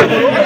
cabrón.